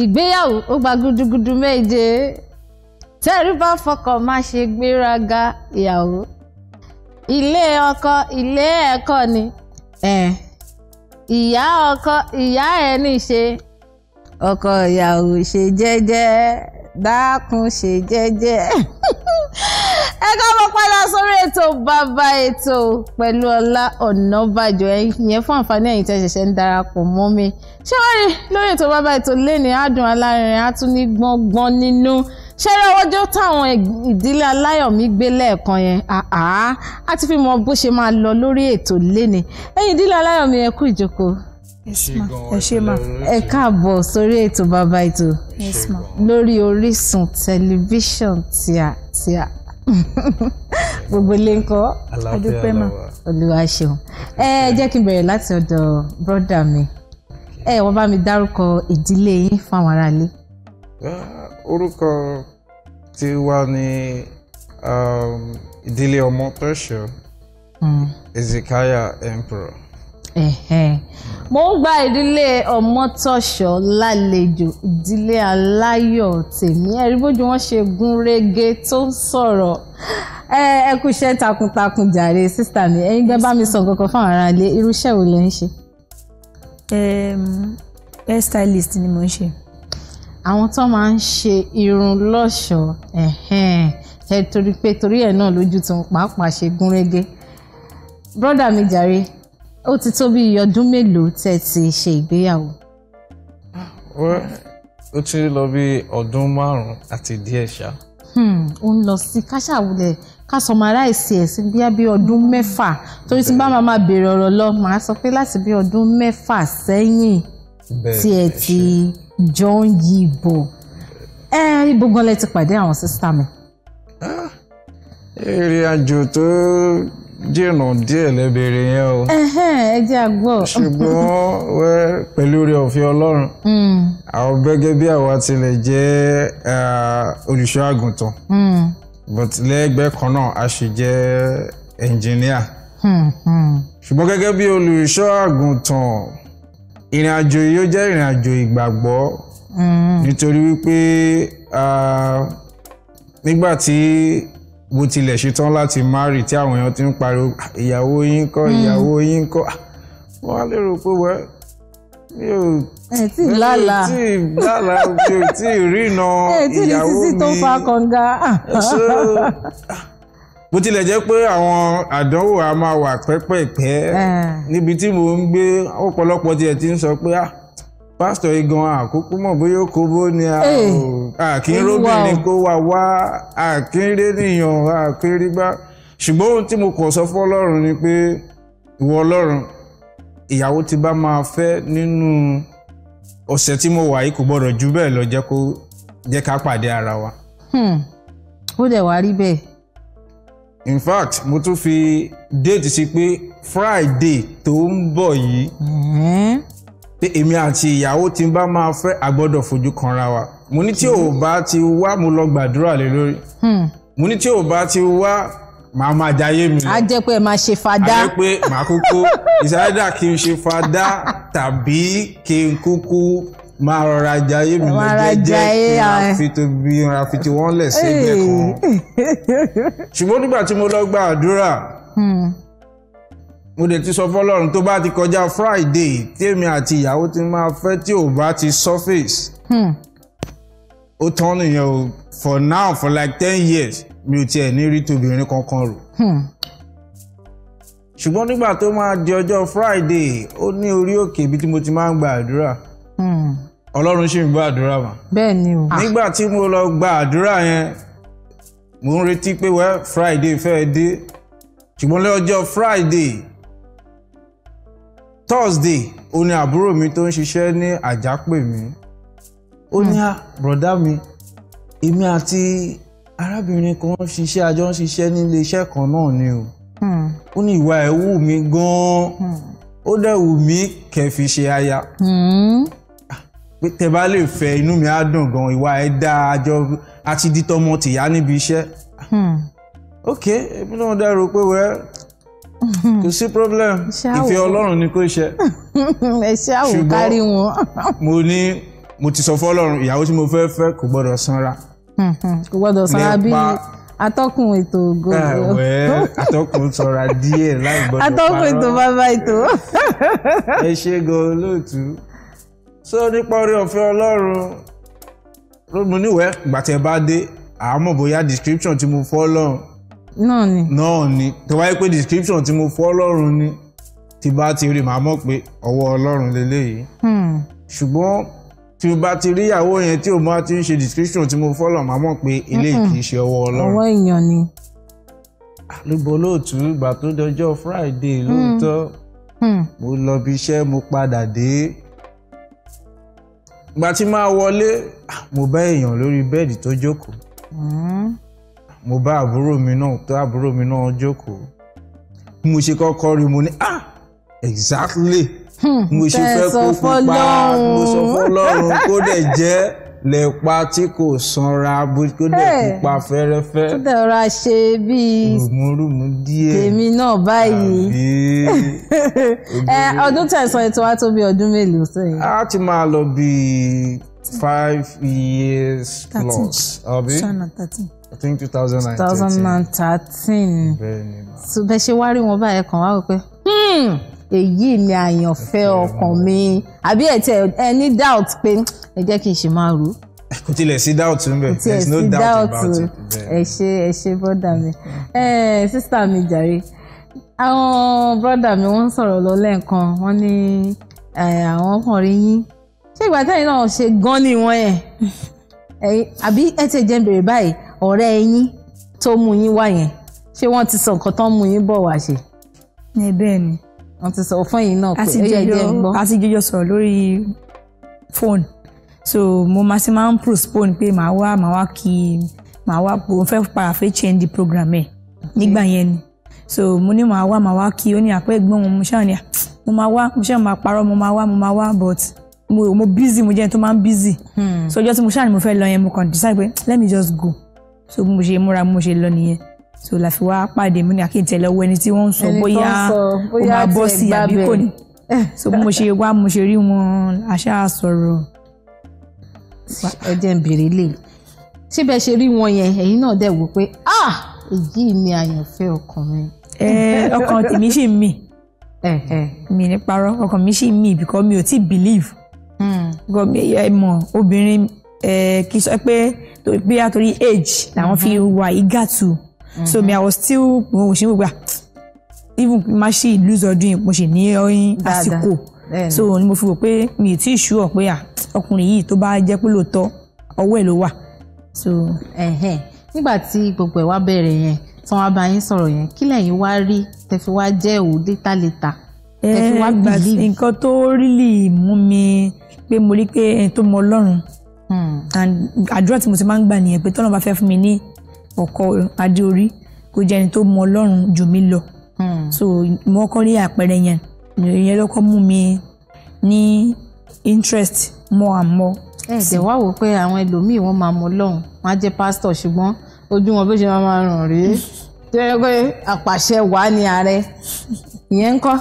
ìgbéyàwó ó gba gudugudu méje tẹ́rí bá fọkàn má ṣe gbéraga ìyàwó ilé ọkọ ilé ẹ̀kọ́ ni ìyá ọkọ ìyá ẹ̀ ní ṣe ọkọ ìyàwó ṣe jẹ́jẹ́ dákun ṣe jẹ́jẹ́ ẹ káàbọ̀ padà sórí ètò bàbá ètò pẹ̀lú Ọlá Ọ̀nàbàjọ́ ìyẹn fún àǹfààní ẹ̀yin tẹ́ ṣẹ̀ṣẹ̀ ń darapọ̀ mọ́ mi ṣé wọ́n rí lórí ètò bàbá ètò lẹ́ni adùn alárinrin á tún ní gbọ́ngbọ́n nínú ṣẹ́rẹ́ ọjọ́ táwọn ìdílé aláyọ̀mí gbé lẹ́ẹ̀kan yẹn àá á ti fi mọ bó ṣe máa lọ lórí ètò lẹ́ni ẹ̀yin ìdílé aláyọ̀mí ẹ kú ìjókòó ẹ ṣe ma. ẹ káàbọ̀ sórí ètò bàbá ètò lórí Orísun tẹlifíṣàn tíà tíà gbogbo ilé ń kọ́ adúpẹ́ mà olúwa ṣeun ẹ jẹ́ kí n bẹ̀rẹ̀ láti ọ̀dọ̀ bọ́dà mi ẹ wọ́n bá mi dárúkọ ìdílé yín fáwọn aráalé. Ah, orúkọ tí wà ní ìdílé ọmọ tó hmm. Ezekiah emperor mo ń gba ìdílé ọmọtọ́ṣọ́ lálejò ìdílé aláyọ̀ tèmi ẹ̀rí bójú wọn ṣe gún régé tó ń sọ̀rọ̀ ẹ kú iṣẹ́ takuntakun jàre sísítà mi ẹ̀yin bẹ́ẹ̀ bá mi sọ kankan fún àwọn aráalé irúṣẹ́ wo lẹ ń ṣe. hair stylist ni mo ń ṣe. àwọn tó máa ń ṣe irun lọ́ṣọ̀ọ́ ẹ torí pé torí ẹ̀ náà lójú tó ń pàápàá ṣe gún régé brọ́dà mi jàre ó ti tó bí ọdún mélòó tẹ́ ti ṣe ìgbéyàwó. ó ti lọ bí ọdún márùn-ún àti díẹ̀ ṣá. Hmm, ó ń lọ sí káṣàwulẹ̀ ká sọmaráìsì ẹ̀ sí bíá bí ọdún mẹ́fà torí tí bá máa béèrè ọ̀rọ̀ lọ màá sọ pé láti bí ọdún mẹ́fà sẹ́yìn tí ẹ ti jọ ń yí bọ̀ ẹ ibo gan lẹ ti pàdé àwọn sísá mi. èrè ah, àjò tó jìnnà díẹ̀ lẹ́bẹ̀rẹ̀ yẹn o. ẹ jẹ́ àgbọ̀. ṣùgbọ́n wẹ́ pẹ̀lú rẹ̀ òfin ọlọ́run. àwọn hmm. gẹ́gẹ́ bí àwa tilẹ̀ jẹ́ olùṣọ́ àgùntàn. Hmm. but lẹ́gbẹ́ kan náà a sì jẹ́ ẹnjìníà. Hmm, ṣùgbọ́n gẹ́gẹ́ bí olùṣọ́ àgùntàn ìrìn àjò yìí ó jẹ́ ìrìn àjò ìgbàgbọ́. nítorí wípé nígbà tí bó tilẹ̀ ṣetán láti márì tí àwọn èèyàn ti ń pariwo ah, ìyàwó yín kọ́ hmm. ìyàwó yín kọ́ ah, wọ́n á lérò pé wẹ́ mi ò tí ì lálàá mi ò tí ì lálàá mi ò tí ì rína ìyàwó mi tó fa kànga. bó ah, tilẹ̀ jẹ́ pé àwọn àdánwò a máa wà pẹ́pẹ́pẹ́ eh. níbi tí mò ń gbé ọ̀pọ̀lọpọ̀ tiẹ̀ ti ń sọ pé ah pásítọ̀ igan àkókò mọ̀ bóyá ó kóbó ni àkínróbìnrin eh, kó wá wá àkínrẹ́nìyàn àkínrígbá ṣùgbọ́n ohun tí mo kàn sọ fún ọlọ́run ni pé ìwọ ọlọ́run ìyàwó tí bá máa fẹ́ nínú ọ̀sẹ̀ tí mo wà yìí kò gbọ́dọ̀ jù bẹ́ẹ̀ lọ jẹ́ kó jẹ́ ká pàdé ara wa. Hmm, ó dẹ̀ wá rí bẹ́ẹ̀. in fact mo tún fi déètì sí pé Friday tó ń bọ̀ yìí pé èmi àti ìyàwó tí bá máa fẹ́ àgbọ́dọ̀ fojú kanra wa mo ní tí ò bá ti wá mo lọ gbàdúrà lé lórí hmm. mo ní tí ò bá ti wá màá máa jayé mi lọ. a jẹ́ pé ẹ máa ṣe fada. a jẹ́ pé màá kúkú ìsáyédà kí n ṣe fada tàbí kí n kúkú máa rọra jayé mi lọ jẹ́jẹ́ kí n fi tóbi ra fi tiwọn lẹ̀ sí ẹgbẹ́ kan. ṣùgbọ́n nígbà tí mo lọ gbàdúrà. Hmm mo dẹ̀ ti sọ fọlọ́run tó bá ti kọjá Friday tèmi àti ìyàwó ti máa fẹ́ tí ò bá ti surface hmm. ó tán nìyẹn o for now for like ten years mi ò tiẹ̀ ní rí tobìnrin kankan rò hmm. ṣùgbọ́n nígbà tó máa di ọjọ́ Friday ó ní orí òkè ibi tí mo ti máa ń gba àdúrà hmm. Ọlọ́run ṣì ń gba àdúrà mà. bẹ́ẹ̀ ni o. Ah. nígbà tí mo lọ gba àdúrà yẹn mo ń retí pé wẹ́ Friday fẹ́ dé ṣùgbọ́n lọ́jọ́ Friday Thursday ó ní àbúrò mi tó ń ṣiṣẹ́ ní àjápè mi ó ní àbùrọ̀dá ah, mi èmi àti arábìnrin kan ń ṣiṣẹ́ àjọ ń ṣiṣẹ́ ní iléeṣẹ́ kan náà ni o hmm. ó ní ìwà ẹ̀ wù mí gan-an hmm. ó dẹ̀ wù mí kẹ́ fi ṣe aya hmm. ah, pé tẹ́ bá lè fẹ́ inú mi á dùn gan ìwà ẹ̀ dáa àjọ àti di tọmọ tìyá níbi iṣẹ́ ah, ok èmi náà dẹ̀ rò pé wẹ́ẹ́ Hmm. kò sí problem ìfẹ́ ọlọ́run ni kò ṣe ṣùgbọ́n mo ní mo ti sọ fọ́lọ́run ìyàwó tí mo fẹ́ fẹ́ kò gbọ́dọ̀ sanra. Hmm. kò gbọ́dọ̀ sanra bí atọ́kùn ètò ògo. ẹ̀wẹ̀ eh, atọ́kùn sanra díẹ̀ láì gbọ́dọ̀ parọ́ atọ́kùn ètò bàbá ètò. ẹ ṣe gan olóòtú so nípa orí ọ̀fẹ́ ọlọ́run ló mo níwẹ̀ẹ́ gbàtẹ́ bá dé àmọ́ bóyá description tí mo fọ́ lọ́run náà ni. náà ni tó wáyé pé description tí mo fọ́ ọlọ́run ni tí bá ti rí màá mọ̀ pé ọwọ́ ọlọ́run lélẹ́yìí. Hmm. ṣùgbọ́n tí o bá ti rí ìyàwó yẹn tí o bá ti ń ṣe description tí mo fọ́lọ̀ màá mọ̀ pé eléyìí kì í ṣe ọwọ́ ọlọ́run. ọwọ́ èèyàn ni. àlùbọ̀ ah, olóòtú ìgbà tó dọjọ́ Friday hmm. lóòótọ́ hmm. mo lọ bí iṣẹ́ mo padà dé ìgbà tí máa wọlé ah, mo bá èèyàn lórí bẹ́ẹ̀dì tó jókòó mo bá àbúrò mi náà tó àbúrò mi náà jókòó bí mo ṣe kọ́kọ́ rí mo ní ah exactly hmm, mo ṣe fẹ́ kó pupa mo sọ fọlọ́run kó dẹ̀ jẹ́ lẹ́pa tí kò sanra kó dẹ̀ pupa fẹ́rẹ́fẹ́. tó dẹ̀ ra ṣe bíi rùmùrùmù díẹ̀ tèmi náà báyìí. ọdún tẹ̀sán ètò wa tó bí ọdún mélòó sẹ́yìn. a ti máa lọ bíi five years plus. thirteen sọ́nà thirteen. I think two thousand bẹ́ẹ̀ni so bẹ́ẹ̀ ṣe wá rí wọn báyìí kan wá wò pé hmm, èyí ni àyànfẹ́ ọkàn mi àbí ẹ̀ tẹ ẹ ní doubt pé ẹ jẹ́ kí n ṣe máa rò ó kò tilẹ̀ sí doubt ń bẹ̀ there is no doubt, doubt about it. ẹ ṣe ẹ ṣe bọ́dà mi sísá mi jàre àwọn bọ́dà mi wọ́n ń sọ̀rọ̀ lọ lẹ́ẹ̀kan wọ́n ní àwọn ọkùnrin yín ṣé ìgbà tẹ́yìn náà ṣe gan ni wọ́n ẹ̀ àbí ẹ ti jẹ́ bèrè báyìí ọ̀rẹ́ yín tó mú yín wá yẹn ṣé wọ́n ti sọ nǹkan tán mú yín bọ̀ wá ṣe. ẹ bẹ́ẹ̀ ni. wọ́n ti sọ fún yín náà pé ó yẹ jẹ́ gbọ́. a sì jọjọ sọ̀rọ̀ lórí fóònù so mo máa ṣe máa ń postpone pé màá wá màá wá kí màá wá mo fẹ́ para fẹ́ change the program ẹ̀ nígbà yẹn ni so mo ní màá wá màá wá kí ó ní àpẹ́ ẹ̀gbọ́n mo ṣáà ní mo máa wá mo ṣáà máa parọ́ mo máa wá mo máa wá but mo busy mo jẹ́ ẹni tó máa ń busy hmm. so ọjọ́ tí mo ṣáà ni mo fẹ́ lọ yẹn mo kàn decide pé let me just go so mo ṣe múra mo ṣe lọ nìyẹn so la fi wá pàdé mi ní akéǹtẹ̀ lọ́wọ́ ẹni tí wọ́n ń sọ bóyá ó máa bọ́ sí àbí kò ní so mo ṣe wá mo ṣe rí wọn àṣà sọ̀rọ̀. ẹ jẹ́ ń bèrè lè síbẹ̀ ṣe rí wọn yẹn ẹ̀yin náà dẹ̀ wò pé ah èyí ni àyànfẹ́ ọkàn mi. ẹ ọkàn tèmi ṣì ń mì mi ní parọ́ ọkàn mi ṣì ń mì because mi ò tí believe. Hmm. ẹ mọ̀ obìnrin kì í sọ pé bí a torí age làwọn fi mhm. wà ìgàtù so mhm. mi i was still mo ò ṣe gbogbo even má ṣe ìlú ọdún yìí mo ṣì ní ọyìn àsìkò so ni mo fi wò pé mi ì tí ì ṣú ọ pé ọkùnrin yìí tó bá jẹ́ pé lóòótọ́ ọwọ́ ẹ̀ ló wà. so nígbà tí gbogbo ẹ̀ wá bẹ̀rẹ̀ yẹn tí wọ́n bá yín sọ̀rọ̀ yẹn kí lẹ́yìn wá rí tẹ̀fi wá jẹ́ òun létà létà tẹ̀fi eh, wá bìlíì. nǹkan tó rí lè mú mi pé mo rí pé ẹni tó mọ Ọlọ́run Hmm. and àdúrà tí mo ti máa ń gbà nìyẹn pé tọ́lọ́ bá fẹ́ fún mi ní ọkọ adé orí kó jẹ́ ẹni tó mọ ọlọ́run jù mí lọ hmm. so mo kọ́ rí àpẹẹrẹ yẹn ìyẹn ló kọ́ mú mi ní interest more and more. ẹ ṣe wá wò pé àwọn ẹlòmíì wọn máa mọ ọlọ́run wọn á jẹ́ pásítọ̀ ṣùgbọ́n ojú wọn bó ṣe máa máa ràn rèé tó yẹ pé àpàṣẹ wà ní ààrẹ ìyẹn ń kọ́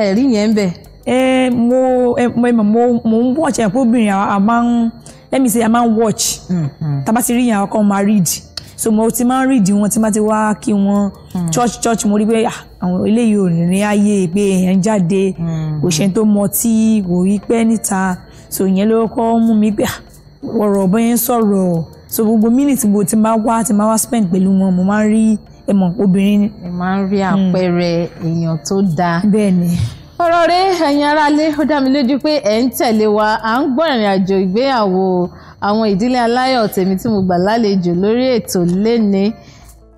ẹ rí yẹn ń bẹ̀. ẹ mo ẹ mo mo mo ń wọ̀ ṣe pé obìnrin a máa ń let me say i máa ń watch mm-hmm. tàbá ti rí yàn ọkọ máa read so mo ti máa ń read wọn tí máa ti wá kí wọn mm. church church mo rí pé ah, àwọn eléyìí ò ní ayé pé èèyàn jáde kò mm-hmm. ṣe tó mọ tí kò rí pẹ́ níta so ìyẹn ló kọ́ mú mi pé ah, ọ̀rọ̀ bẹ́ẹ̀ ń sọ̀rọ̀ so gbogbo mínítì gbogbo tí máa wá tí máa wá spend pẹ̀lú wọn mo máa ń rí ẹ obìnrin. ẹ máa ń rí àpẹẹrẹ èèyàn tó dáa. bẹ́ẹ̀ ọ̀rọ̀ rẹ ẹ̀yin aráalé ó dá mi lójú pé ẹ̀ ń tẹ̀lé wa à ń gbọ́ ìrìn àjò ìgbéyàwó àwọn ìdílé aláyọ̀ tèmi tí mo gbà lálejò lórí ètò léni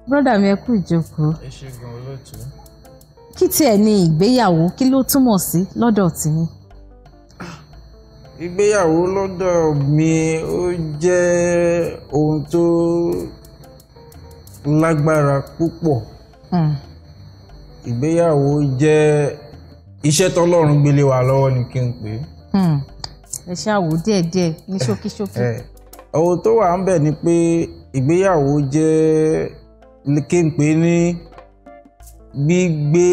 brọ́dà mi ẹ kú ìjókòó. ẹ ṣe gan olóòtú. kí tiẹ̀ ni ìgbéyàwó kí ló túmọ̀ sí lọ́dọ̀ tìyín. ìgbéyàwó lọ́dọ̀ mi ó jẹ́ ohun tó lágbára púpọ̀. Hmm. ìgbéyàwó jẹ́ iṣẹ́ tọ́lọ́run gbélé wa lọ́wọ́ ni kí n pè é. Hmm. ẹ ṣàwò díẹ̀díẹ̀ ní ṣókíṣókí. Eh, ohun tó wà ń bẹ̀ ni pé ìgbéyàwó jẹ́ kí n pè é ní gbígbé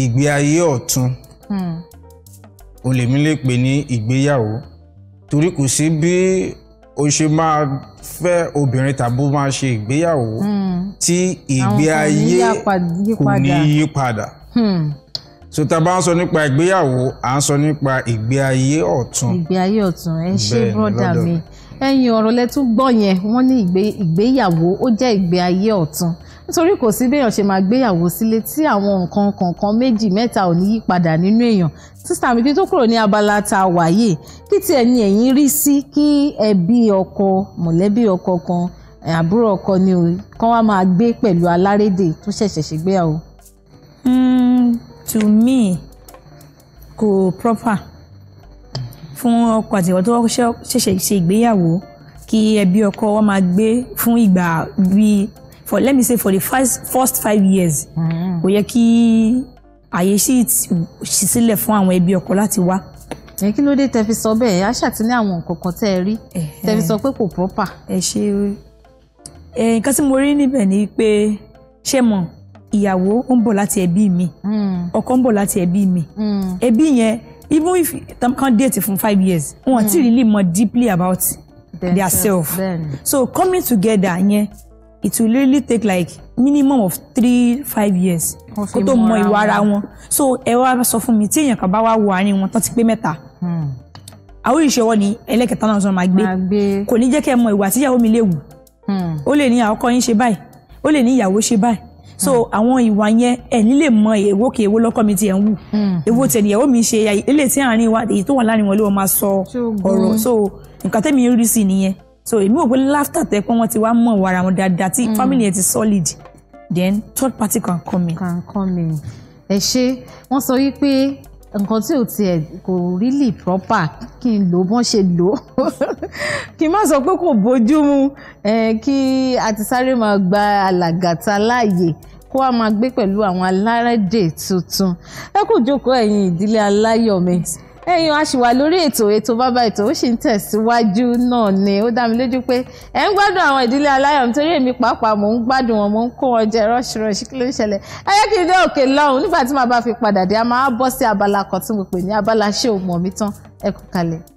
ìgbé ayé ọ̀tun hmm. o lèmi lè pè ní ìgbéyàwó torí kò sí bí o ṣe máa fẹ́ obìnrin tàbí máa ṣe ìgbéyàwó hmm. tí ìgbé ayé kò ní yí padà so tá a bá ń sọ nípa ìgbéyàwó à ń sọ nípa ìgbé ayé ọ̀tun. ìgbé ayé ọ̀tun ẹ ṣé bọ́dà mi ẹ̀yin ọ̀rọ̀ lẹ tún gbọ́ yẹn wọ́n ní ìgbéyàwó ó jẹ́ ìgbé ayé ọ̀tun nítorí kò sí béèyàn ṣe máa gbéyàwó sílé tí àwọn nǹkan kọ̀ọ̀kan méjì mẹ́ta ò ní yípadà nínú èèyàn sísá mi tó kúrò ní abala tá a kí tiẹ̀ ni ẹ̀yin rí sí kí ẹbí ọkọ mọ̀lẹ́bí ọkọ kan àbúrò ọkọ ni kán wá máa gbé pẹ̀lú alárédè tó ṣẹ̀ṣẹ̀ ṣègbéyàwó to me kò proper fún ọkọ àti ìwọ tó ṣẹ̀ṣẹ̀ ṣe ìgbéyàwó kí ẹbí ọkọ wọn máa gbé fún ìgbà bíi for let me say for the first first five years mm-hmm. kò yẹ kí àyè sì ṣí sílẹ̀ fún àwọn ẹbí ọkọ láti wá. ẹ kí ló dé tẹ fi sọ bẹ́ẹ̀ aṣá ti ní àwọn nǹkan kan tẹ ẹ rí tẹ fi sọ pé kò proper. ẹ ṣe nǹkan tí mo rí níbẹ̀ ni pé ṣé mọ̀ ìyàwó ń bọ̀ láti ẹbí mi hmm. ọkọ ń bọ̀ láti ẹbí mi hmm. ẹbí yẹn even if tam kan date fún five years wọn mm. ti hmm. really mọ deeply about their self then. so coming together yẹn it will really take like minimum of three five years kó tó mọ ìwà ara wọn so ẹ wá sọ fún mi tí èèyàn kan bá wá wo àárín wọn tán ti pé mẹ́ta àwọn ìṣòwò ni ẹlẹ́kẹ̀ta náà sọ máa gbé kò ní jẹ́ kẹ́ ẹ mọ ìwà tíyàwó mi lè wù ó lè ní àkọ́kọ́ yín ṣe báyìí ó lè ní ìyàwó ṣe báyìí so àwọn ìwà yẹn ẹ nílè mọ èwo kí èwo lọ́kọ mi tiẹ̀ ń wù hmm. èwo tiẹ̀ níyàwó mi ṣe ilé tí àárín wa èyí tó wà láàrin wọn ló máa sọ ọ̀rọ̀ so nǹkan tẹ́mi rí sí nìyẹn so èmi ò pé láftà tẹ pé wọ́n ti wá mọ̀ wàrà wọn dáadáa tí hmm. family yẹn ti solid then third party can come in. can come in ẹ ṣe wọ́n sọ wípé nǹkan tí ò tiẹ̀ kò really proper kí n lò bọ́n ṣe lò ó kí n má sọ pé kò bójú mu kí a ti máa gba alàgàtà láàyè kó a máa gbé pẹ̀lú àwọn alárédè tuntun ẹ kú jókòó ẹ̀yin ìdílé aláyọ̀mí ẹ̀yin a ṣì wà lórí ètò ètò bàbá ètò ó sì ń tẹ̀síwájú náà ni ó dá mi lójú pé ẹ ń gbádùn àwọn ìdílé aláyọ̀ nítorí èmi pàápàá mò ń gbádùn wọn mò ń kó wọn jẹ rọ́ṣirọ́ṣi kí ló ń ṣẹlẹ̀ ẹ yẹ kí n dé òkè lọ́hùn nígbà tí màá bá fi padà dé a máa bọ́ sí abala kan tí mo pè ní abala ṣé o mọ̀ mi tán ẹ kú kalẹ̀.